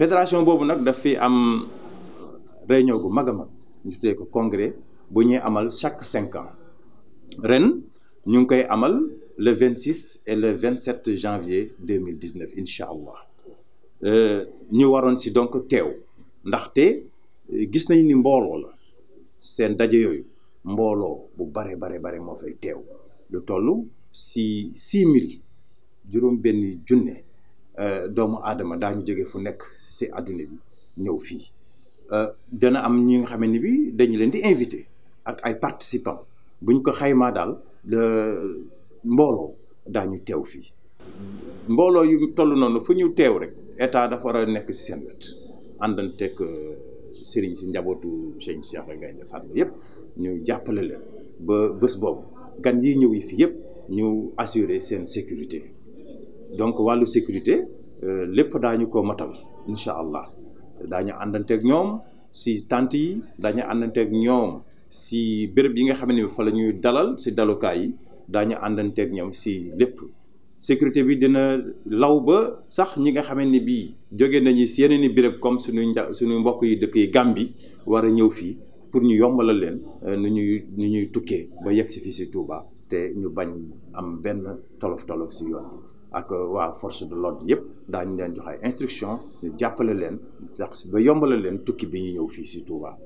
fédération Federation nak daf fi am réunion congrès amal chaque cinq ans ren ñu amal le 26 et le 27 janvier 2019, inshallah euh ñu donc ndax té euh, gis nañ ni bare bare fay si 6000 juroom Euh, doomu aadama daañu jóge fu nekk si àdduna bi ñëw fii euh, dana am ñi nga xam ni bi dañu leen di invité ak ay participants buñ ko xaymaa daal de daa ñu teew fii mbooloo yu toll noonu fu ñu teew rek état dafa war a nekk si seen wet àndanteeg euh, sëriñ si njabootu sëriñ Cheikh Gaïndé Fatma yëpp ñu jàppale la ba bés boobu gan yi ñëw yi fii yëpp ñu assurer seen sécurité donc wàllu sécurité euh, lépp daañu ko matal incha allah daañu àndanteeg ñoom si tant yi daañu àndanteeg ñoom si béréb yi nga xam ne fa la ñuy dalal si dalukaay yi daañu àndanteeg ñoom si lépp sécurité bi dina law ba sax ñi nga xam ni bi jóge nañu si yeneen i béréb comme suñu nja suñu mbokk yi dëkk yi Gàmbi war a ñëw fii pour ñu yombalal leen euh, nu ñuy nu ñuy tukkee ba yegg si fii si Touba te ñu bañ am benn tolof tolof si yoon ak euh, waa force de l'ordre yëpp daañu leen jox instruction ñu jàppale leen tax ba yombale leen tukki bi ñu ñëw fii si Touba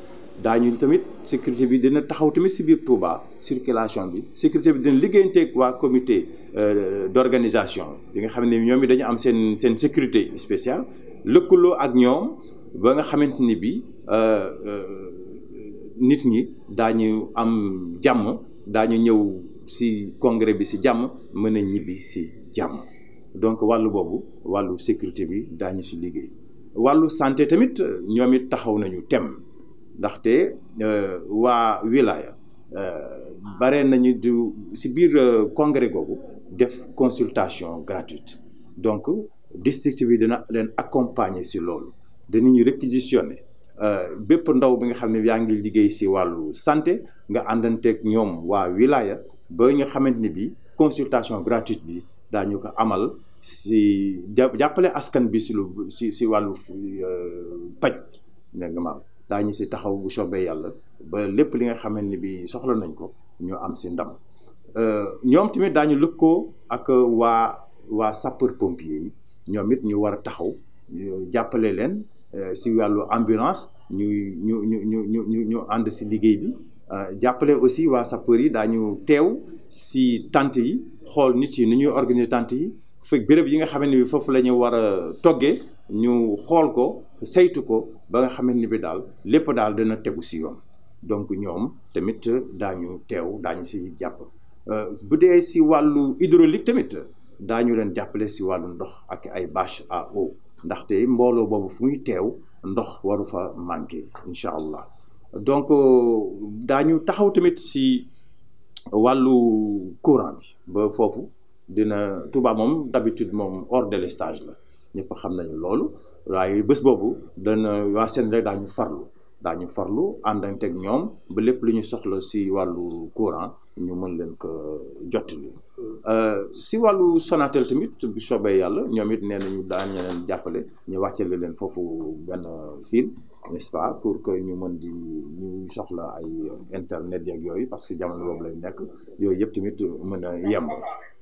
daañu tamit sécurité bi dina taxaw tamit si biir Touba circulation bi sécurité bi dina liggéeyanteeg waa comité euh, d'organisation yi nga xam ne ñoom it dañu am seen seen sécurité spéciale lëkkaloo ak ñoom ba nga xamante ni bi euh, nit ñi daañu am jàmm daañu ñëw si congrès bi si jàmm mën a ñibbi si jàmm donc walu bobu walu sécurité bi dañu ci liggéey walu santé tamit ñoom it taxaw nañu tem ndaxte euh, wa wilaya euh, bare nañu du si biir euh, congrès googu def consultation gratuite donc district bi dina leen accompagner si loolu danañu réquisitionné bépp ndaw bi nga xam ne yaa ngi liggéey si wàllu santé nga àndanteeg ñoom waa wilaya ba ñu xamante bi consultation gratuite bi dañu ko amal si jàppale askan bi si lu si si wàllu euh, paj nga maam si taxaw bu soobee yàlla ba lépp li nga xamante bi soxla nañ ko ñu am si ndam euh, ñoom tamit daañu lëkkoo ak wa wa sapeur pompier yi ñoom it ñu war a taxaw jàppale leen euh, si wàllu ambulance ñu ñu ñu ñu ñu ñu ànd si liggéey bi Euh, jàppale aussi waa sapeur yi daañu teew si tant yi xool nit yi nu ñuy organiser tant yi fekk béréb yi nga xam ne bi foofu la ñu war a toggee ñu xool ko saytu ko ba nga xamante ni bi daal lépp daal dana tegu si yoon donc ñoom tamit daañu teew daañu si jàpp euh, bu dee si wàllu hydraulique tamit daañu leen jàppale si wàllu ndox ak ay bâche à eau ndaxte mbooloo boobu fu muy teew ndox waru fa manqué incha allah donc euh, daañu taxaw tamit si wàllu courant bi ba foofu dina tubaab moom d'habitude moom hors délestage la ñëpp xam nañu loolu waaye bés boobu dana waa seen rek daañu farlu daañu farlu àndante ak ñoom ba lépp lu ñu soxla si wàllu courant ñu mën leen ko jottali euh, si wàllu Sonatel tamit bu soobee yàlla ñoom it nee nañu daan ñu leen jàppale ñu wàccale leen foofu benn fil n'est-ce pour que ñu mën di ñu soxla ay internet yeeg yooyu parce que jamono boobu lay nekk yooyu yëpp tamit mën a yemb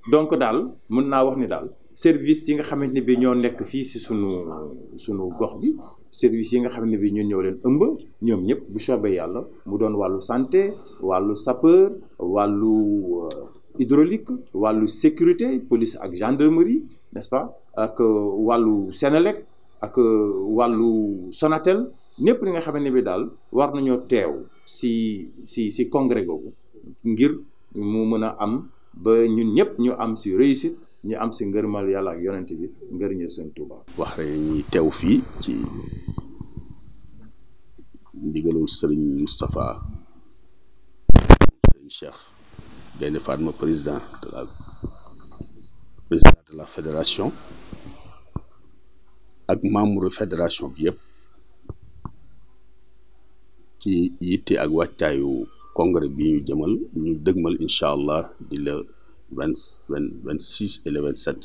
donc dal mën wax ni service yi nga bi ñoo nekk fii si sunu sunu gox bi service yi nga xamante bi ñun ñoo leen santé sapeur hydraulique wàllu sécurité police ak gendarmerie n'est-ce pas ak euh, wàllu Sénélec ak euh, wàllu Sonatel li nga bi daal war si si si congrès googu ngir am ba ñun ñëpp ñu am si réussite ñu am si ngërmal yàlla ak yonent bi ngërñe seen Touba. wax rek teew fii ci ndigalul sëriñ Moustapha sëriñ Cheikh Gaynde Fatma président de la président de la fédération ak membre fédération bi yëpp ci yitte ak wàccaayu. congrès bi ñu jëmal ñu dëgmal incha allah di le vingt vingt vingt six et le vingt sept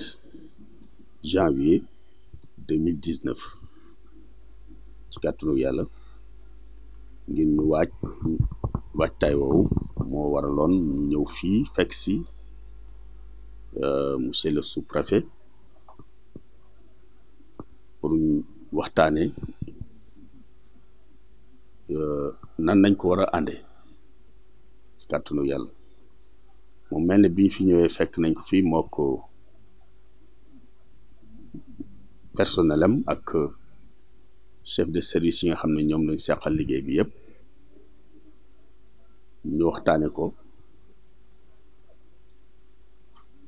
janvier ci kàttanu yàlla ngir ñu waaj waajtaay woowu moo waraloon ñëw fii fekk si euh, monsieur le sous-préfet pour waxtaane euh, nan nañ ko war a àndee ci kàttanu yàlla mu mel ne bi ñu fi ñëwee fekk nañ ko fii moo ko personnel ak chef de service yi nga xam ne ñoom lañ seqal liggéey bi yëpp ñu waxtaane ko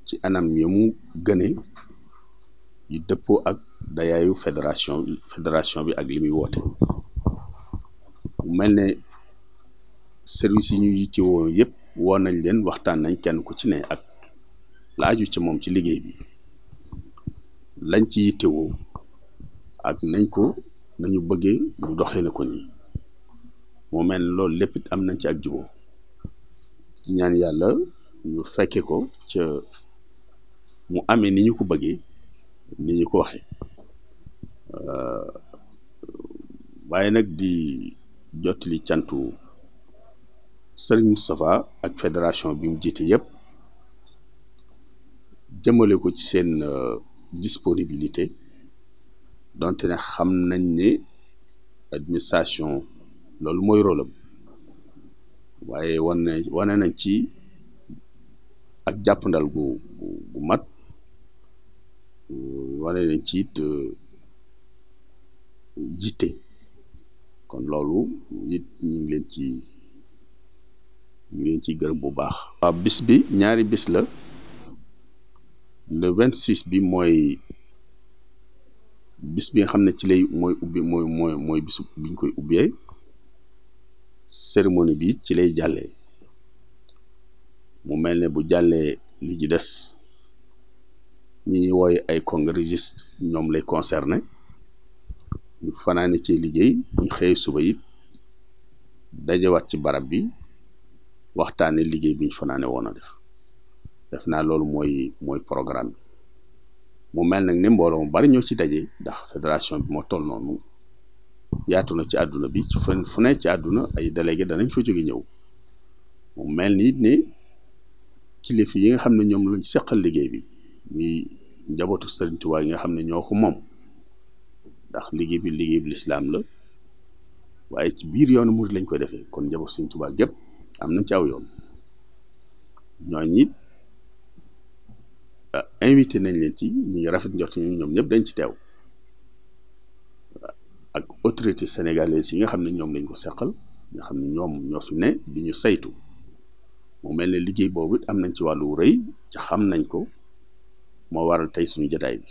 ci anam yi mu gëne yu dëppoo ak dayaayu fédération fédération bi ak li muy woote mu mel ne service yi ñu yittewoo yëpp woo nañ leen waxtaan nañ kenn ku ci ne ak laaju ci moom ci liggéey bi lañ ci yittewoo ak nañ ko nañu bëggee ñu doxee na ko nii moo mel loolu lépp am nañ ci ak juboo ci ñaan yàlla ñu fekke ko ca mu amee ni ñu ko bëggee ni ñu ko waxee euh, waaye nag di jottali cantu Serigne Moustapha ak fédération bi mu jiite yëpp jëmale ko ci seen euh, disponibilité donte na xam nañ ne administration loolu mooy rôle waaye wane wane nañ ci ak jàppandal gu gu mat euh, wane nañ ci it euh, jiite kon loolu it ñu leen ci. ñu leen ciy gërëm bu baax. waaw bis bi ñaari bis la le vingt six bi mooy bis bi nga xam ne ci lay mooy ubbi mooy mooy bisu biñ koy ubbee cérémonie bi ci lay jàllee mu mel ne bu jàllee li ji des ñi ñuy wooye ay congrégiste ñoom lay concerné ñu fanaane ci liggéey ñu xëy suba it dajewaat ci barab bi. waxtaane liggéey biñ ñu ne woon a def def naa loolu mooy mooy programme bi mu mel nag ne mbooloo mu bari ñëw ci daje ndax fédération bi moo toll noonu yaatu na ci àdduna bi ci ne ci àdduna ay délégué danañ fa jóge ñëw mu mel ni it ne kilifa yi nga xam ne ñoom lañ seqal liggéey bi muy njabootu Sëriñ Tuubaa yi nga xam ne ñoo ko moom ndax liggéey bi liggéey bi lislaam la waaye ci biir yoonu murid lañ koy defee kon njabootu Sëriñ Tuubaa gépp am nañ ci aw yoon ñooñu it ah, invité nañ leen ci ñu ngi rafet njort ñu ñoom ñëpp dañ ci teew ak autorité sénégalaise yi nga xam ne ñoom lañ ko seqal nga xam ne ñoom ñoo fi ne di ñu saytu mu mel ne liggéey boobu it am nañ ci wàllu rëy ca xam nañ ko moo waral tey suñu jataay bi.